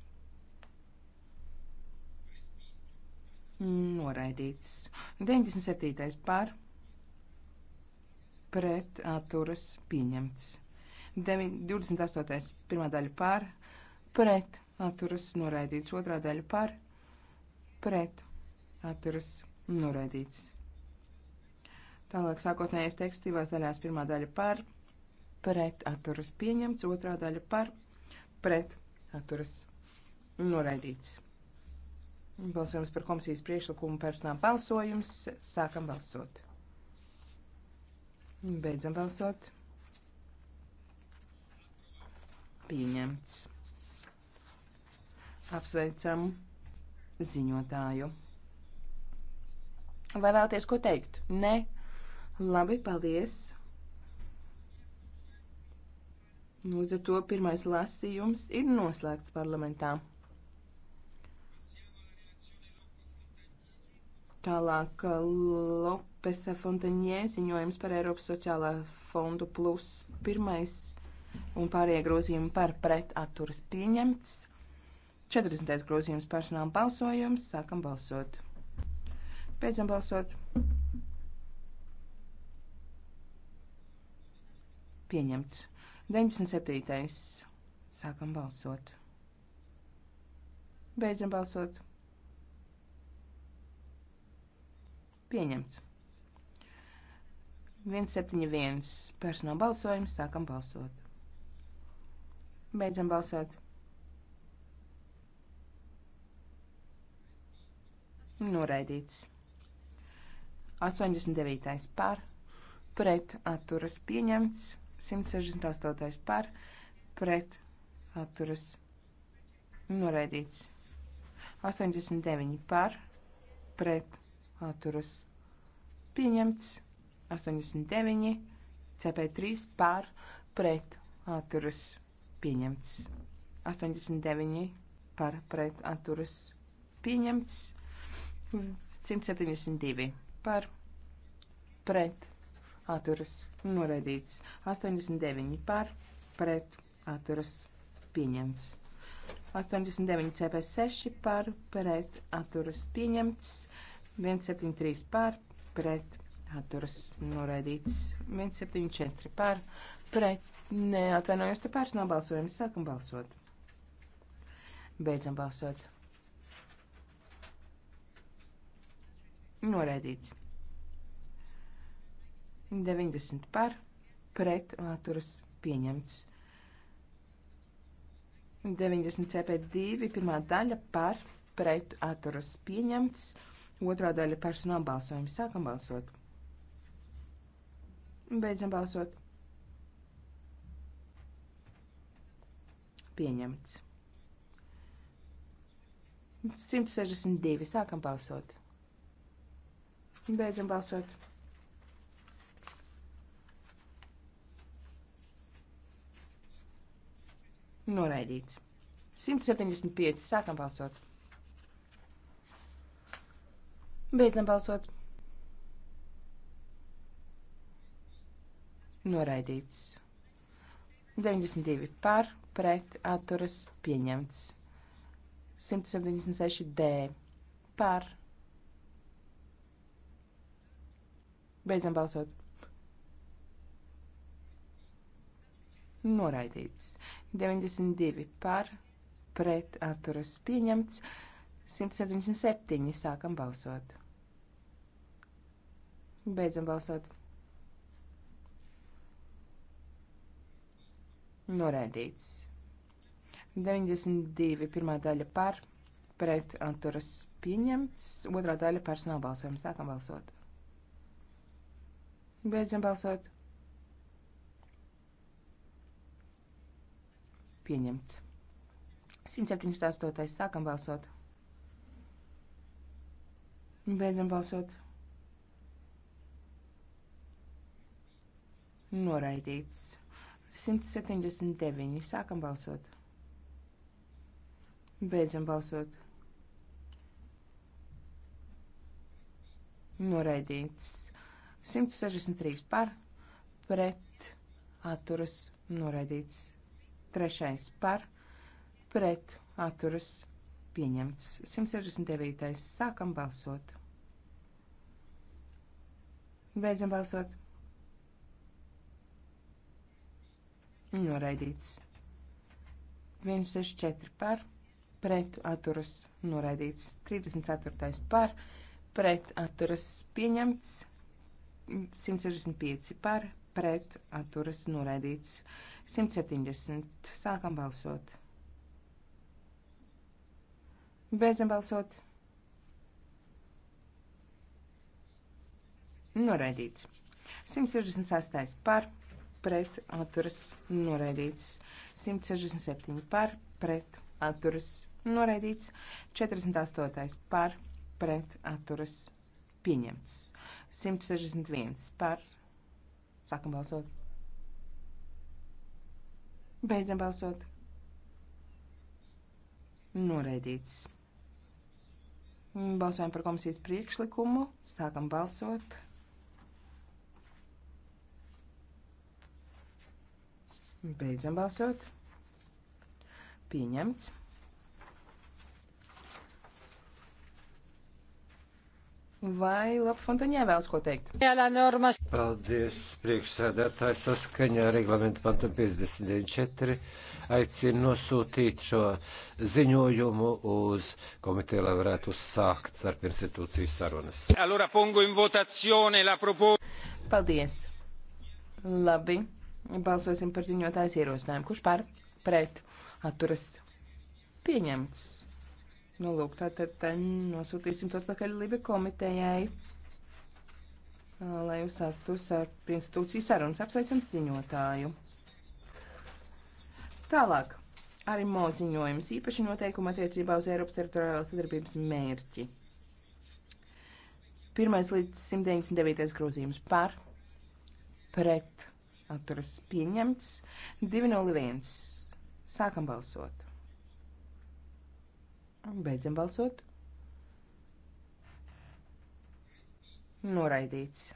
[SPEAKER 2] Noraidīts. 97. par pret atturas pieņemts. 28. pirmā daļa par pret atturas noraidīts. Otrā daļa par pret atturas noraidīts. Tālāk sākotnējais teksts divās daļās. Pirmā daļa par pret atturas pieņemts. Otrā daļa par pret atturas noraidīts. Balsojums par komisijas priekšlikumu personām balsojums. Sākam balsot. Beidzam balsot. Pieņemts. Apsveicam ziņotāju. Vai vēlaties ko teikt? Nē. Labi, paldies. Līdz ar to pirmais lasījums ir noslēgts parlamentā. Tālāk uh, Lopesa Fontaņē ziņojums par Eiropas sociālā fondu plus pirmais un pārējie grozījumi par pret atturas pieņemts. 40. grozījums personāla balsojums. Sākam balsot. Beidzam balsot. Pieņemts. 97. Sākam balsot. Beidzam balsot. Pieņemts. 171. Personāla balsojums. Sākam balsot. Beidzam balsot. Noraidīts. 89. par. Pret atturas pieņemts. 168. par. Pret atturas noraidīts. 89 par. Pret atturas pieņemts 89, CP3 pār pret atturas pieņemts 89 par pret atturas pieņemts 172 par pret atturas noraidīts 89 par pret atturas pieņemts 89 CP6 par pret atturas pieņemts 89 173 pār pret atturas noraidīts 174 pār pret. Nē, atvainojos, te pāris nobalsojam. Sākam balsot. Beidzam balsot. Noraidīts. 90 par pret atturas pieņemts. 90 CP2 pirmā daļa par pret atturas pieņemts. Otrā daļa personāla balsojuma. Sākam balsot. Beidzam balsot. Pieņemts. 162. Sākam balsot. Beidzam balsot. Noraidīts. 175. Sākam balsot. Beidzam balsot. Noraidīts. 92 par, pret, atturas, pieņemts. 176 D par. Beidzam balsot. noraidīts. 92 par, pret atturas pieņemts, 177 sākam balsot. Beidzam balsot. Noraidīts. 92. pirmā daļa par, pret atturas pieņemts, otrā daļa personāla balsojums. Sākam balsot. Beidzam balsot. Pieņemts. 178. sākam balsot. Beidzam balsot. Noraidīts. 179. Sākam balsot. Beidzam balsot. Noraidīts. 163 par, pret, atturas, noraidīts. Trešais par, pret, atturas, pieņemts. 169. Sākam balsot. Beidzam balsot. noraidīts. 164 par, pret atturas noraidīts. 34 par, pret atturas pieņemts. 165 par, pret atturas noraidīts. 170. Sākam balsot. Beidzam balsot. Noraidīts. 168 par, pret atturas noraidīts. 167 par pret atturas noraidīts. 48 par pret atturas pieņemts. 161 par. Sākam balsot. Beidzam balsot. Noraidīts. Balsojam par komisijas priekšlikumu. Sākam balsot. Beidzam balsot. Pieņemts. Vai Lapfontaņē vēlas ko teikt? Jā, normas.
[SPEAKER 1] Paldies, priekšsēdētāji, saskaņā ar reglamentu pantu 54 aicinu nosūtīt šo ziņojumu uz komiteju, lai varētu uzsākt starp institūciju sarunas.
[SPEAKER 4] Allora, pongo in votazione la proposta. Paldies.
[SPEAKER 2] Labi. Balsosim par ziņotājas ierosinājumu. Kurš par? Pret. Atturas. Pieņemts. Nu, lūk, tātad tā, nosūtīsim to atpakaļ Libi komitejai, lai uzsāktu ar institūciju sarunas. Apsveicam ziņotāju. Tālāk. Arī mūziņojums īpaši noteikuma attiecībā uz Eiropas teritoriālās sadarbības mērķi. 1 līdz 199 grozījums par, pret, atturas pieņemts. 201. Sākam balsot. Beidzam balsot. Noraidīts.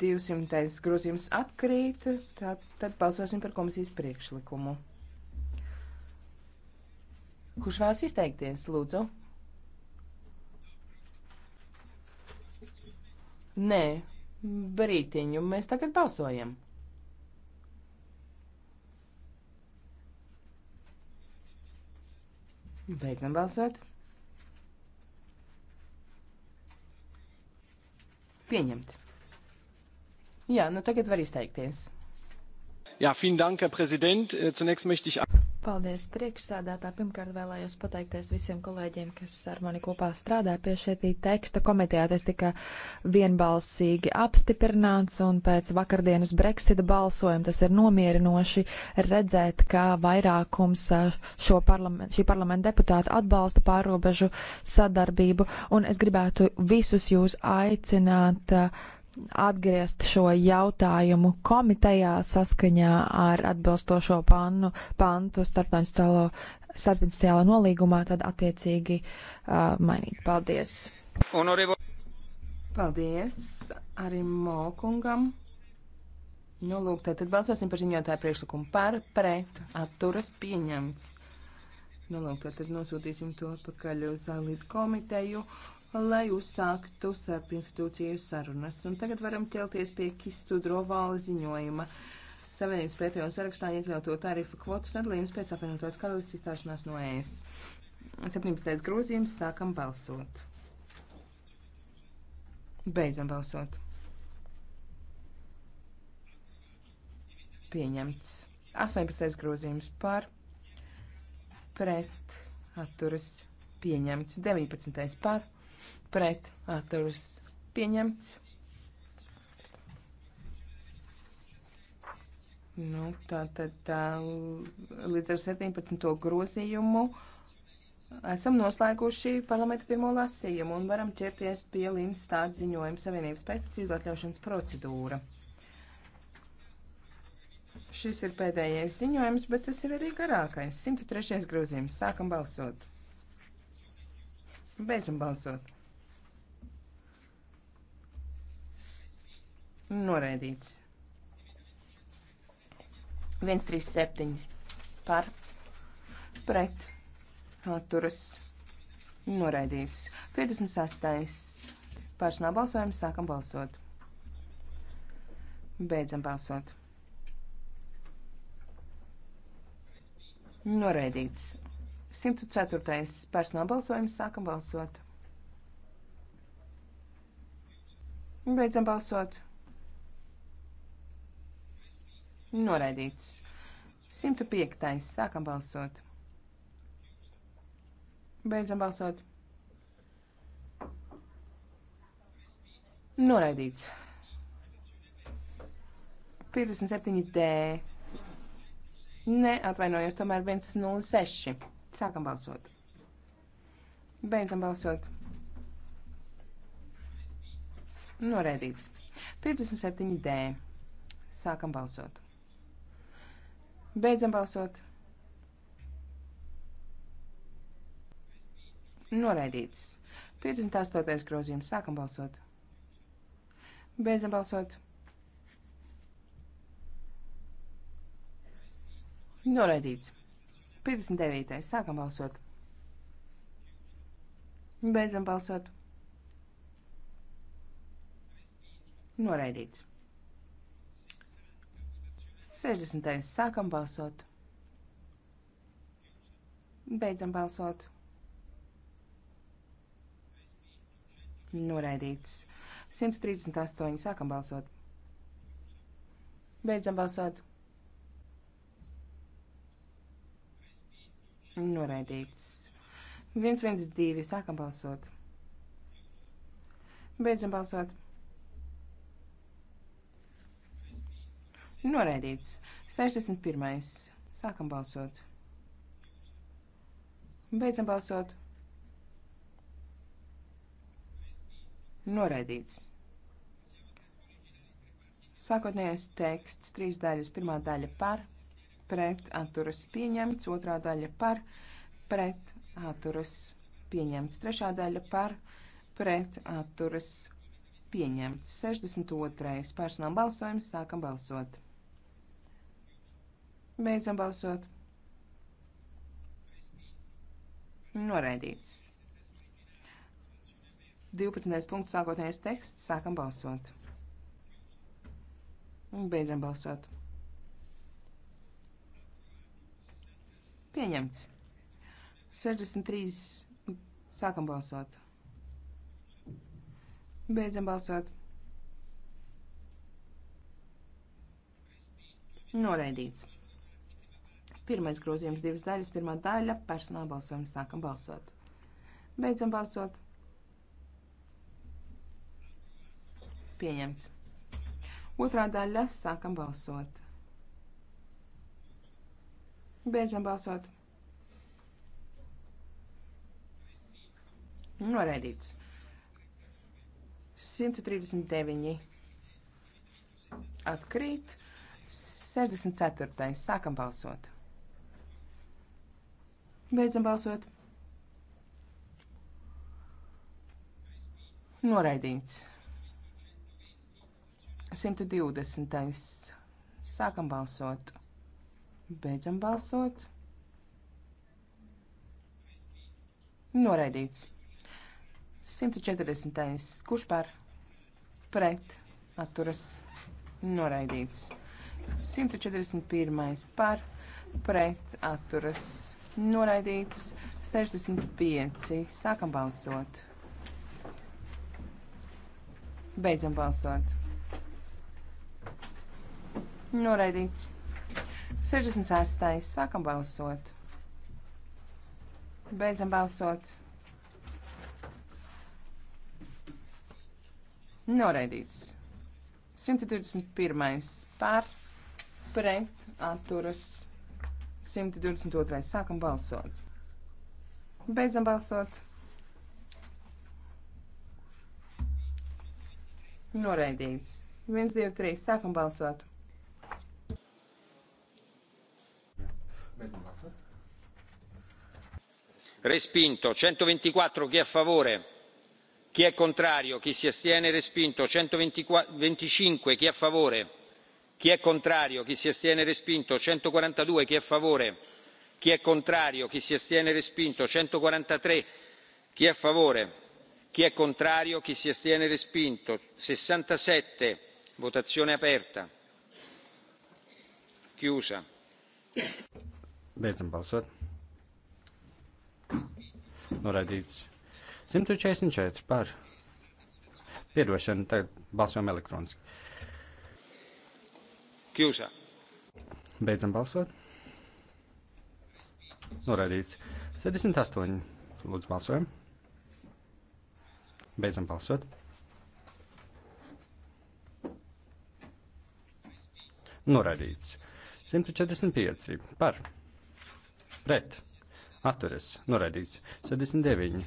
[SPEAKER 2] 200. grozījums atkrīt, tad, tad balsosim par komisijas priekšlikumu. Kurš vēlas izteikties, lūdzu? Nē, brītiņu. Mēs tagad balsojam. Beidzam balsot.
[SPEAKER 5] Pieņemts.
[SPEAKER 3] Jā, nu tagad var izteikties.
[SPEAKER 5] Jā, vielen Dank, Herr Präsident. Zunächst möchte ich.
[SPEAKER 3] Paldies, priekšsādātā. Pirmkārt vēlējos pateikties visiem kolēģiem, kas ar mani kopā strādā pie šī teksta komitejā. Tas tika vienbalsīgi apstiprināts, un pēc vakardienas Brexita balsojuma tas ir nomierinoši redzēt, ka vairākums šo parlament, šī parlamenta deputāta atbalsta pārobežu sadarbību, un es gribētu visus jūs aicināt uh, atgriezt šo jautājumu komitejā saskaņā ar atbilstošo pannu, pantu starptautiskajā nolīgumā, tad attiecīgi uh, mainīt. Paldies!
[SPEAKER 4] Paldies arī
[SPEAKER 2] Mokungam. Nu, lūk, tad balsosim par ziņotāju priekšlikumu par pret atturas pieņemts. Nu, lūk, tad nosūtīsim to atpakaļ uz līdz komiteju lai uzsāktu starp institūciju sarunas. Un tagad varam ķelties pie Kistu Drovāla ziņojuma. Savienības pētējo sarakstā iekļauto tarifu kvotu sadalījums pēc apvienotās karalistas izstāšanās no ES. 17. grozījums sākam balsot. Beidzam balsot. Pieņemts. 18. grozījums par pret atturas pieņemts. 19. par pret atturas pieņemts. Nu, tā tad tā, līdz ar 17. grozījumu esam noslēguši parlamenta pirmo lasījumu un varam ķerties pie Līnas tāds ziņojuma Savienības pesticīdu atļaušanas procedūra. Šis ir pēdējais ziņojums, bet tas ir arī garākais. 103. grozījums. Sākam balsot! Beidzam balsot. Noraidīts. 137 par pret atturas noraidīts. 56. Pārš nav balsojums, sākam balsot. Beidzam balsot. Noraidīts. 104. personāla balsojums. Sākam balsot. Beidzam balsot. Noraidīts. 105. Sākam balsot. Beidzam balsot. Noraidīts. 57D. Neatvainojos, tomēr 106. Sākam balsot. Beidzam balsot. Noraidīts. 57 D. Sākam balsot. Beidzam balsot. Noraidīts. 58. grozījums. Sākam balsot. Beidzam balsot. Noraidīts. 59. Sākam balsot. Beidzam balsot. Noraidīts. 60. Sākam balsot. Beidzam balsot. Noraidīts. 138. Sākam balsot. Beidzam balsot. Noraidīts. 112. Sākam balsot. Beidzam balsot. Noraidīts. 61. Sākam balsot. Beidzam balsot. Noraidīts. Sākotnējais teksts, trīs daļas, pirmā daļa par, pret atturas pieņemts, otrā daļa par pret atturas pieņemts, trešā daļa par pret atturas pieņemts. 62. personāla balsojums sākam balsot. Beidzam balsot. Noraidīts. 12. punkts sākotnējais teksts sākam balsot. Beidzam balsot. Pieņemts. 63. Sākam balsot. Beidzam balsot. Noraidīts. Pirmais grozījums divas daļas, pirmā daļa - personāla balsojums. Sākam balsot. Beidzam balsot. Pieņemts. Otrā daļa - sākam balsot. Beidzam balsot. Noraidīts. 139. Atkrīt. 64. Sākam balsot. Beidzam balsot. Noraidīts. 120. Sākam balsot. Beidzam balsot. Noraidīts. 140. Kurš par? Pret. Atturas. Noraidīts. 141. Par. Pret. Atturas. Noraidīts. 65. Sākam balsot. Beidzam balsot. Noraidīts. 66. Sākam balsot. Beidzam balsot. Noraidīts. 121. par pret atturas. 122. Sākam balsot. Beidzam balsot. Noraidīts. 1, 2, 3. Sākam balsot.
[SPEAKER 4] respinto centoventiquattro chi è a favore chi è contrario chi si astiene respinto centoventicinque chi è a favore chi è contrario chi si astiene respinto centoquarantadue chi è a favore chi è contrario chi si astiene respinto centoquarantatré chi è a favore chi è contrario chi si astiene respinto sessantasette votazione aperta chiusa.
[SPEAKER 5] Beidzam balsot. Noraidīts. 144 par. Piedošana, tagad balsojam elektroniski. Kjūsā. Beidzam balsot. Noraidīts. 78. Lūdzu, balsojam. Beidzam balsot. Noraidīts. 145 par pret, atturas, noraidīts. 79.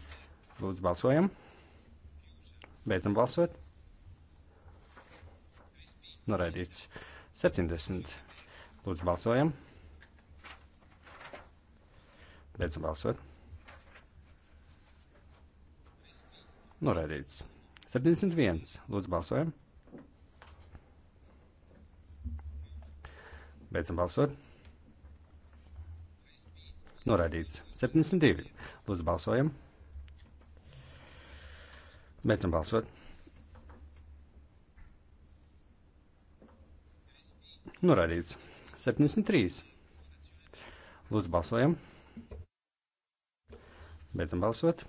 [SPEAKER 5] Lūdzu, balsojam. Beidzam balsot. Noraidīts. 70. Lūdzu, balsojam. Beidzam balsot. Noraidīts. 71. Lūdzu, balsojam. Beidzam balsot. Noraidīts. 72. Lūdzu, balsojam. Beidzam balsot. Noraidīts. 73. Lūdzu, balsojam. Beidzam balsot.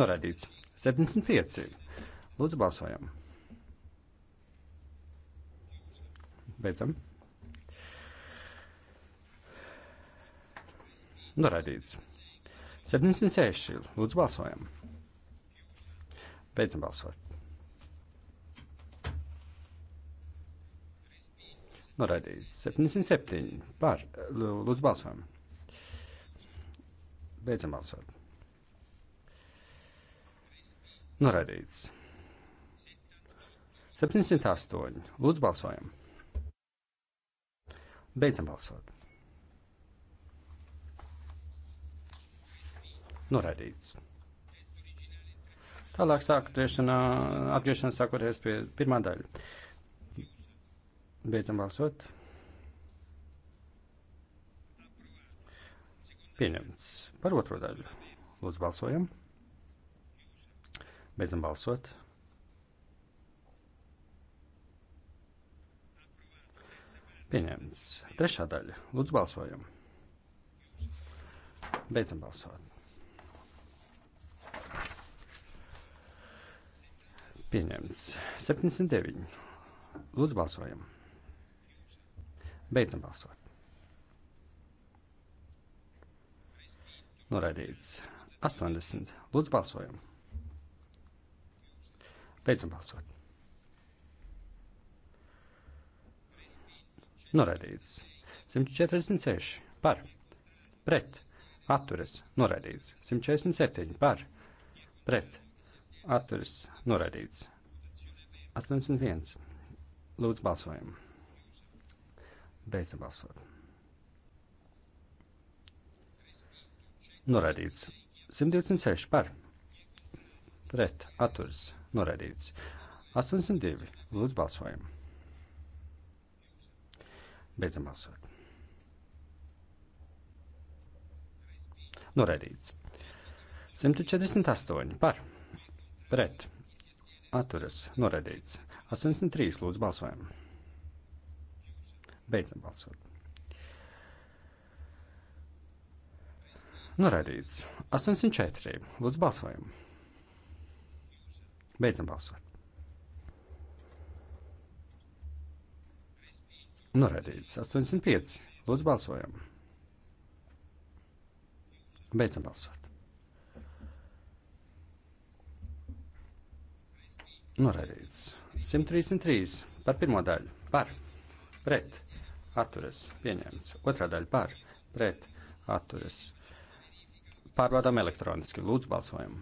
[SPEAKER 5] Noraidīts. 75. Lūdzu, balsojam. Beidzam. Noraidīts. 76. Lūdzu, balsojam. Beidzam balsot. Noraidīts. 77. Par. Lūdzu, balsojam. Beidzam balsot. Noraidīts. 78. Lūdzu, balsojam. Beidzam balsot. noraidīts. Tālāk sāk atgriešanās sākoties pie pirmā daļa. Beidzam balsot. Pieņemts par otro daļu. Lūdzu, balsojam. Beidzam balsot. Pieņemts. Trešā daļa. Lūdzu, balsojam. Beidzam balsot. Pieņemts. 79. Lūdzu, balsojam. Beidzam balsot. Noraidīts. 80. Lūdzu, balsojam. Beidzam balsot. Noraidīts. 146 par. Pret. Atturas. Noraidīts. 147 par. Pret atturas noraidīts. 81. Lūdzu, balsojam. Beidzam balsot. Noraidīts. 126 par. Pret. Atturs. Noraidīts. 82. Lūdzu, balsojam. Beidzam balsot. Noraidīts. 148 par. Pret. Atturas. Noraidīts. 83. Lūdzu, balsojam. Beidzam balsot. Noraidīts. 84. Lūdzu, balsojam. Beidzam balsot. Noraidīts. 85. Lūdzu, balsojam. Beidzam balsot. Noraidīts. 133 par pirmo daļu. Par. Pret. Atturas. Pieņemts. Otrā daļa par. Pret. Atturas. Pārbaudām elektroniski. Lūdzu, balsojam.